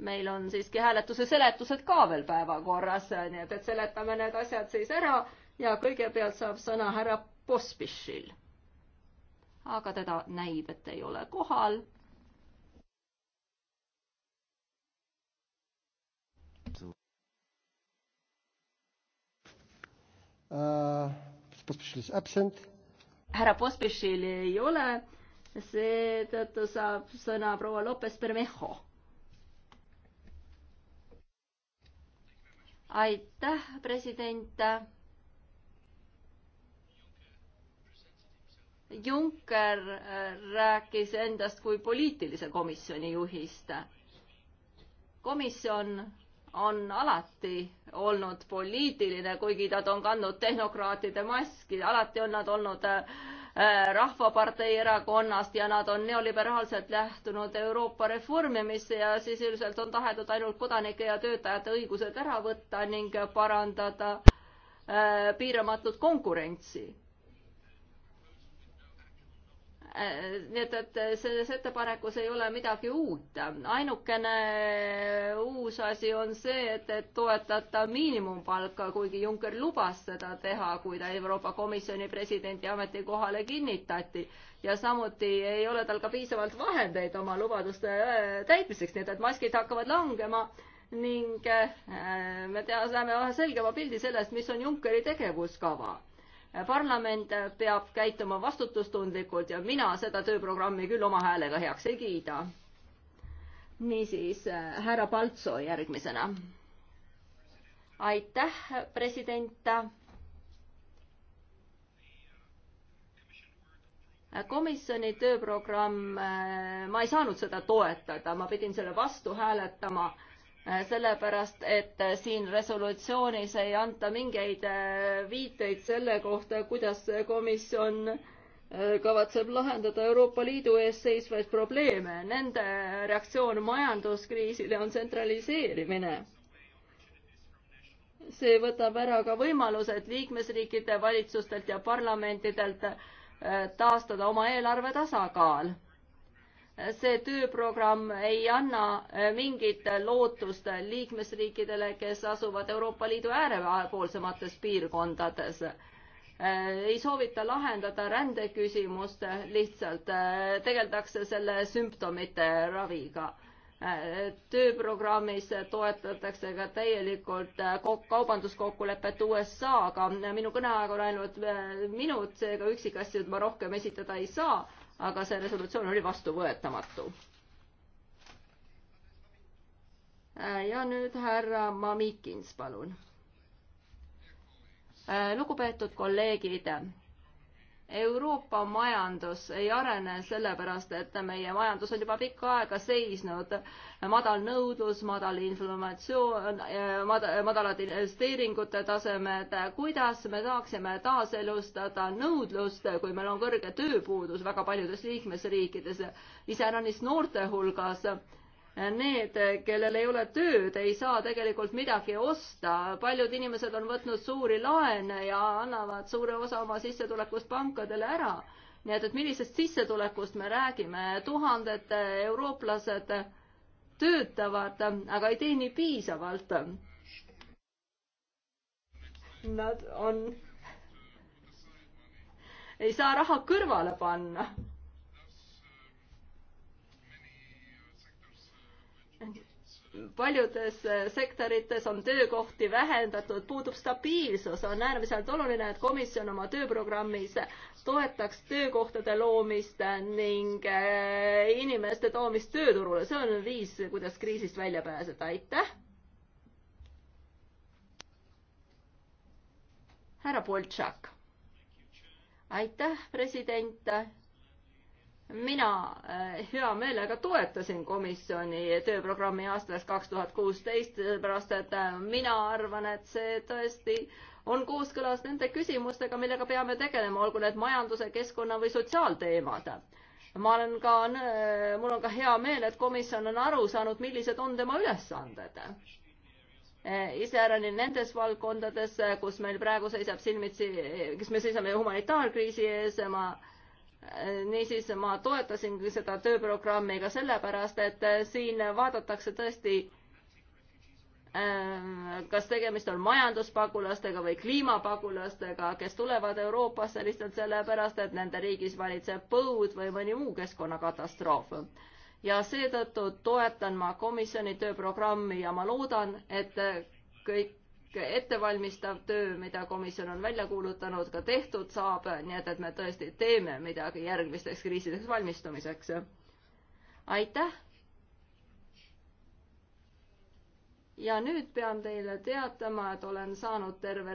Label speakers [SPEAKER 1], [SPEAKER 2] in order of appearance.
[SPEAKER 1] meil on siiski hääletuse seletused ka veel päevakorras, nii et, et seletame need asjad siis ära ja kõigepealt saab sõna härra Pospišil. aga teda näib, et ei ole kohal. Äh, härra Pospišil ei ole, seetõttu saab sõna proua Lopez Bermejo aitäh, president. Juncker äh, rääkis endast kui poliitilise komisjoni juhist. komisjon on alati olnud poliitiline, kuigi nad on kandnud tehnokraatide maski, alati on nad olnud äh, Äh, Rahvapartei erakonnast ja nad on neoliberaalselt lähtunud Euroopa reformimisse ja siis ilmselt on tahetud ainult kodanike ja töötajate õigused ära võtta ning parandada äh, piiramatut konkurentsi nii et, et selles ettepanekus ei ole midagi uut. ainukene uus asi on see, et, et toetada miinimumpalka, kuigi Juncker lubas seda teha, kui ta Euroopa Komisjoni presidendi ametikohale kinnitati. ja samuti ei ole tal ka piisavalt vahendeid oma lubaduste äh, täitmiseks, nii et, et maskid hakkavad langema ning äh, me tea, saame selgema pildi sellest, mis on Junckeri tegevuskava parlament peab käituma vastutustundlikult ja mina seda tööprogrammi küll oma häälega heaks ei kiida. niisiis, äh, härra Paltso järgmisena. aitäh, president. komisjoni tööprogramm, äh, ma ei saanud seda toetada, ma pidin selle vastu hääletama Äh, sellepärast et äh, siin resolutsioonis ei anta mingeid äh, viiteid selle kohta, kuidas komisjon kavatseb lahendada Euroopa Liidu ees seisvaid probleeme. Nende reaktsioon majanduskriisile on tsentraliseerimine. see võtab ära ka võimalused liikmesriikide valitsustelt ja parlamentidelt taastada oma eelarve tasakaal see tööprogramm ei anna äh, mingit lootust liikmesriikidele, kes asuvad Euroopa Liidu äärepoolsemates piirkondades. Äh, ei soovita lahendada rändeküsimust, lihtsalt äh, tegeldakse selle sümptomite raviga. tööprogrammis toetatakse ka täielikult kaubanduskokkulepet USA-ga. minu kõneaeg on ainult minut, seega üksikasju ma rohkem esitada ei saa aga see resolutsioon oli vastuvõetamatu. Äh, ja nüüd härra Mamikins, palun. Äh, lugupeetud kolleegid Euroopa majandus ei arene sellepärast, et meie majandus on juba pikka aega seisnud. madal nõudlus, madal informatsioon, madalad investeeringute tasemed. kuidas me saaksime taaselustada nõudlust, kui meil on kõrge tööpuudus väga paljudes liikmesriikides, iseäranis noorte hulgas? need, kellel ei ole tööd, ei saa tegelikult midagi osta. paljud inimesed on võtnud suuri laene ja annavad suure osa oma sissetulekust pankadele ära. nii et, et millisest sissetulekust me räägime, tuhanded eurooplased töötavad, aga ei teeni piisavalt. Nad on, ei saa raha kõrvale panna paljudes eh, sektorites on töökohti vähendatud, puudub stabiilsus, on äärmiselt oluline, et komisjon oma tööprogrammis toetaks töökohtade loomist ning eh, inimeste toomist tööturule, see on viis, kuidas kriisist välja pääseda, aitäh. härra Boltšak. aitäh, president mina äh, hea meelega toetasin komisjoni tööprogrammi aastast kaks tuhat kuusteist, sellepärast et äh, mina arvan, et see tõesti on kooskõlas nende küsimustega, millega peame tegelema, olgu need majanduse, keskkonna või sotsiaalteemad. ma olen ka, äh, mul on ka hea meel, et komisjon on aru saanud, millised on tema ülesanded iseärani nendes valdkondades, kus meil praegu seisab silmitsi, kes me seisame humanitaarkriisi ees, ma äh, niisiis ma toetasin seda tööprogrammi ka sellepärast, et äh, siin vaadatakse tõesti, äh, kas tegemist on majanduspagulastega või kliimapagulastega, kes tulevad Euroopasse lihtsalt sellepärast, et nende riigis valitseb põud või mõni muu keskkonnakatastroof. ja seetõttu toetan ma komisjoni tööprogrammi ja ma loodan, et kõik ettevalmistav töö, mida komisjon on välja kuulutanud, ka tehtud saab, nii et, et me tõesti teeme midagi järgmisteks kriisideks valmistumiseks. aitäh. ja nüüd pean teile teatama, et olen saanud terve